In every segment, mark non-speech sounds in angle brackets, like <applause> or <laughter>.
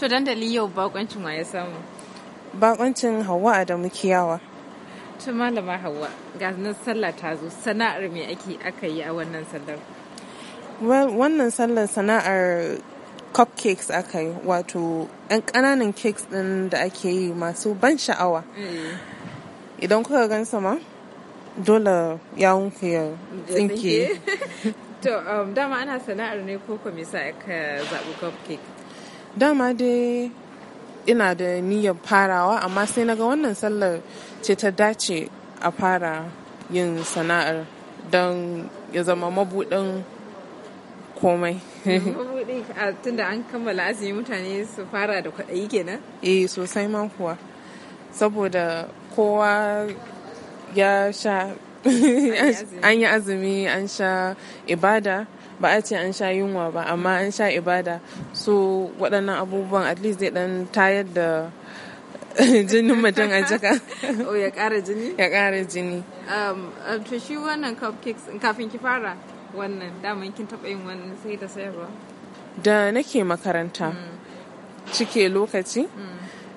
To dandali yau bakoncin wa ya samu? Bakoncin Hauwa da Kiyawa. To malama Hauwa, ga nan sallah ta zo, sana'ar me ake aka yi a wannan sallar? Wannan sallar sana'ar cupcakes aka yi, wato 'yan ƙananan cakes ɗin da ake yi masu ban sha'awa. Eh. Idan kuka gan sama, dole yawon ku ya tsinke. <laughs> To um, dama ana sana'ar ne ko kuma sa aka zaɓi cupcake? dama dai ina da niyyar farawa amma sai naga wannan sallar ce ta dace a fara yin sana'ar don ya zama mabuɗin komai <laughs> mabuɗi a da an kammala azumi mutane su fara da kwaɗayi kenan eh sosai man kuwa saboda kowa ya sha an yi azumi an sha ibada ba a ce an sha yunwa ba amma an sha ibada so waɗannan abubuwan at least zai ɗan tayar da <laughs> jinin mutum a jika <laughs> o oh, ya ƙara jini ya ƙara jini um, um, to shi wannan cupcakes kafin ki fara wannan daman kin taɓa yin wannan sai da sayarwa da nake makaranta mm. cike lokaci mm.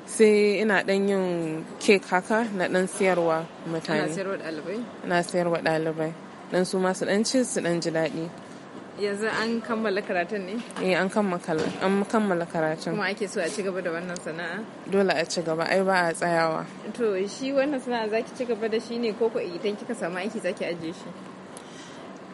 sai ina dan yin kek haka na dan siyarwa mutane na siyarwa ɗalibai Ina siyarwa ɗalibai dan su ma su dan ci su dan ji daɗi yanzu an kammala karatun ne eh an kammala karatun kuma ake so a ci gaba da wannan sana'a dole a ci gaba ai ba a tsayawa to shi wannan sana'a zaki ci gaba da shi ne ko ko idan kika samu aiki zaki ajiye shi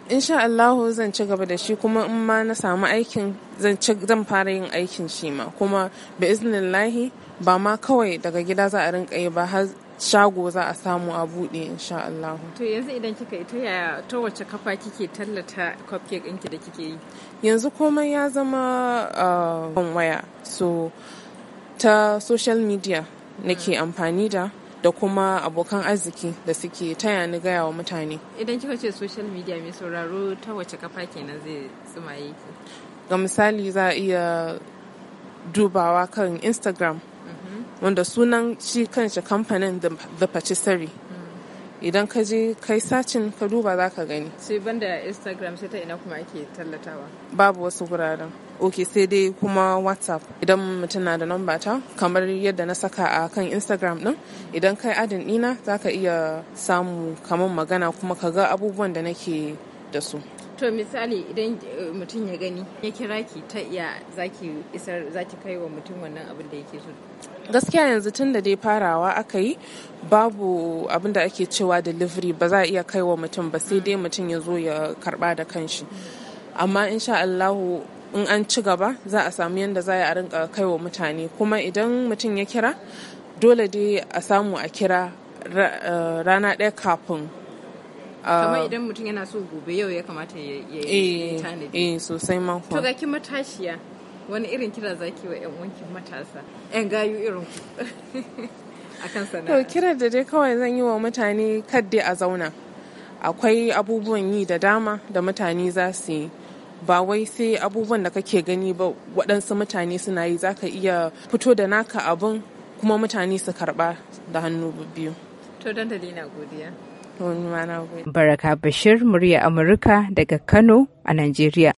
insha Allah zan ci gaba da shi kuma in ma na samu aikin zan fara yin aikin shi ma kuma bi iznillahi ba ma kawai daga gida za a rinka yi ba har shago za a samu a buɗe insha Allah To yanzu idan kika yi ta yaya to wace kafa kike tallata cupcake ɗinki da kike yi? Yanzu komai ya zama ah, waya so ta social media nake amfani da da kuma abokan arziki da suke taya ni gaya wa mutane. Idan kika ce social media mai sauraro ta wace kafa kenan zai tsumaye ki? Ga misali za a iya dubawa kan Instagram mm-hmm. wanda sunan shi kanshi kamfanin The Patisserie. idan ka je kai sacin ka duba za ka gani sai banda instagram sai ta ina kuma ake tallatawa babu wasu guraren ok sai dai kuma whatsapp idan mutum na da namba ta kamar yadda na saka a kan instagram din idan kai adin ɗina za ka iya samu kamar magana kuma ka ga abubuwan da nake da su to misali idan eh, mutum ya gani ya kira ki ta iya zaki isar zaki kai wa mutum wannan abin da yake so gaskiya yanzu tun da dai farawa aka yi babu abin da ake cewa delivery ba za a iya kai wa mutum ba sai dai mutum ya zo ya karba da kanshi amma insha Allahu in an ci gaba za a samu yadda za a rinka kai wa mutane kuma idan mutum ya kira dole dai a samu a kira eh, rana ɗaya kafin ah, kamar idan mutum yana so gobe yau ya kamata ya yi eh, tanadi eh sosai man to ga ki matashiya wani irin kira zaki wa 'yan wankin matasa 'yan gayu irin ku <laughs> a kan sana'a to kiran da dai kawai zan yi wa mutane kadde a zauna akwai abubuwan yi da dama da mutane za su yi ba wai sai abubuwan da kake gani ba waɗansu mutane suna yi za ka iya fito da naka abin kuma mutane su karɓa da hannu biyu to don dalila godiya Baraka Bashir, murya Amurka daga Kano a Najeriya.